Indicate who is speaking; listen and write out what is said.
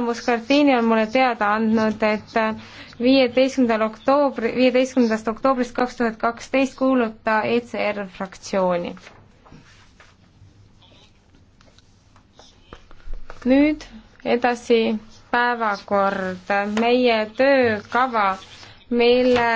Speaker 1: Muscardini on mulle teada andnud, et viieteistkümnendal oktoobri, viieteistkümnendast oktoobrist kaks tuhat kaksteist kuulub ta ECR fraktsiooni. nüüd edasi päevakord, meie töökava, mille